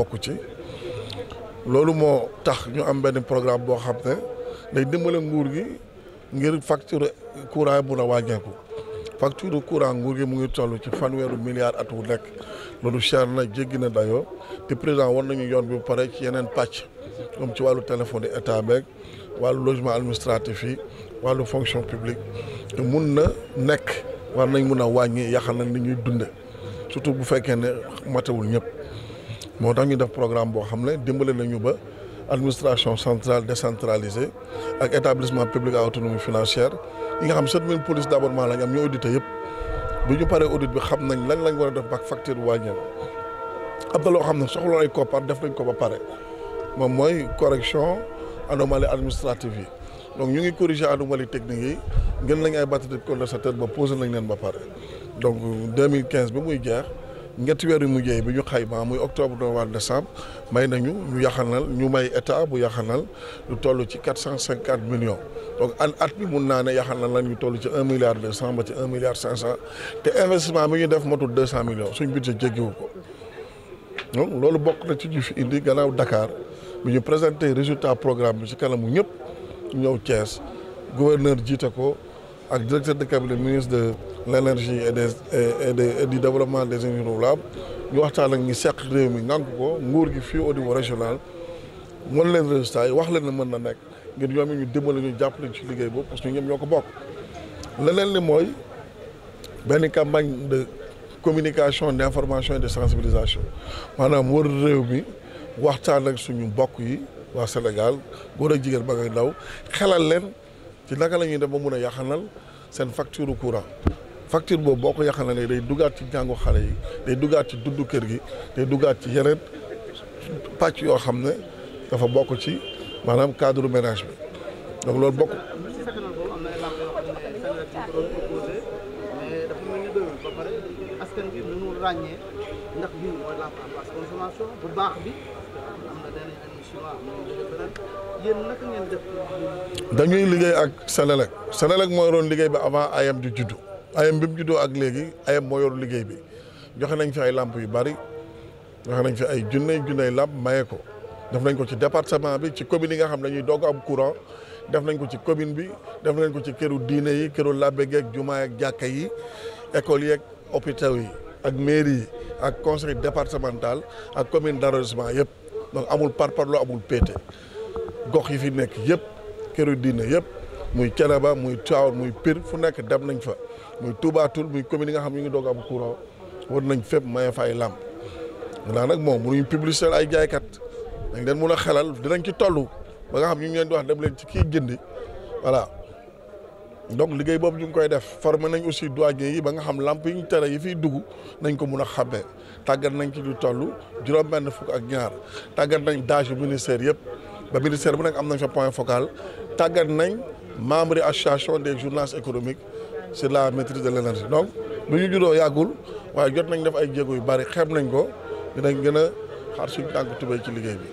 bokk ci loolu moo tax ñu am benn programme boo xam ne day dimbale nguur gi ngir facture courant mun a wàññeeku facture courant nguur gi mu ngi tollu ci fanweeru milliard at wu nekk loolu cher na jéggi na dayoo te président war nañu yoon bi bu pare ci yeneen pàcc comme ci wàllu téléphone yi état beeg wàllu logement administratif yi wàllu fonction publique te mun na nekk war nañ mun a wàññi yaxal na ni ñuy dunde surtout bu fekkee ne matewul ñëpp moo tax ñu def programme boo xam ne dimbale nañu ba administration centrale décentralisée ak établissement public à autonomie financière yi nga xam 7000 polices d'abonnement lañ am ñu audité yëpp bi ñu paree audit bi xam nañ lan lañ war a def ba facture wàññeeku loo xam ne soxla ay koppar def nañ ko ba pare moom mooy correction anomalie administrative yi donc ñu ngi corriger anomalie technique yi gën nañ ay batterie de condensateur ba posé nañ leen ba pare donc 2015 bi muy jeex. ñetti weer yu mujjee bi ñu xayma muy octobre novembre décembre may nañu ñu yaxanal ñu may état bu nal lu toll ci quatre cent cinquante millions donc an at mun naa ne yaxanal la ñu toll ci un milliard de cent ba ci un milliard cinq cent te investissement bi ñu def matul deux cent millions suñ budget ko donc loolu bokk na ci ñu fi indi gannaaw dakaar bi ñu présenter résultat programme bi ci kanamu ñëpp ñëw Thiès gouverneur jiite ko ak directeur de cabinet ministre de. l'énergie et des et des et développement des énergies renouvelables ñu waxtaan ak ñi seq réew mi ngànk ko nguur gi fii au niveau régional mën leen résultats yi wax leen ne mën na nekk ngir ñoom ñu dimbali ñu jàppale ci liggéey boobu parce que ñoom ñoo ko bokk. leneen li mooy benn campagne de communication d'information et de sensibilisation maanaam wër réew mi waxtaan ak suñu mbokk yi waa Sénégal góor ak jigéen mag ak ndaw xelal leen ci naka la ñuy def ba mun a yaxanal seen facture courant. facture boobu boo ko yàqalee day duggaat ci jàngu xale yi day duggaat ci dudd kër gi day duggaat ci yeneen pàcc yoo xam ne dafa bokk ci maanaam cadre ménage bi loolu bokk. dañuy liggéey ak Senelec Senelec mooy doon liggéey bi avant ayam di juddu. ayam bi mu juddoo ak léegi ayam moo yoru liggéey bi joxe nañ fi ay làmp yu bari joxe nañ fi ay junney junney làmp maye ko def nañ ko ci département bi ci commune yi nga xam ne dañuy doog am courant def nañ ko ci commune bi def nañ ko ci këru diine yi këru labbe geeg jumaa ak jàkka yi école yi ak hôpital yi ak mairie yi ak conseil départemental ak commune d'arrondissement yëpp donc amul parparloo amul péete gox yi fi nekk yëpp këru diine yëpp muy Thiénaba muy Tivaouane muy Pire fu nekk dem nañ fa muy Touba Toul muy commune yi nga xam ñu ngi doog bu courant war nañ fépp maye fa ay làmp ndax nag moom mënuñ publicité ay jaaykat dañ leen mun a xelal dinañ ci tollu ba nga xam ñu ngi di wax dem leen ci kii jëndi voilà donc liggéey boobu ñu ngi koy def formé nañ aussi douanier yi ba nga xam làmp yi ñu tere yi fii dugg nañ ko mun a xàmmee tàggat nañ ci lu toll juróom-benn fukk ak ñaar tàggat nañ daaju ministère yëpp ba ministère bu nekk am nañ point focal tàggat nañ. membre association des journalistes économiques sur la maîtrise de l'énergie donc bu ñu juddoo yàggul waaye jot nañ def ay jéego yu bari xem nañ ko dinañ gën a xaar suñ tànk tubéy ci liggéey bi.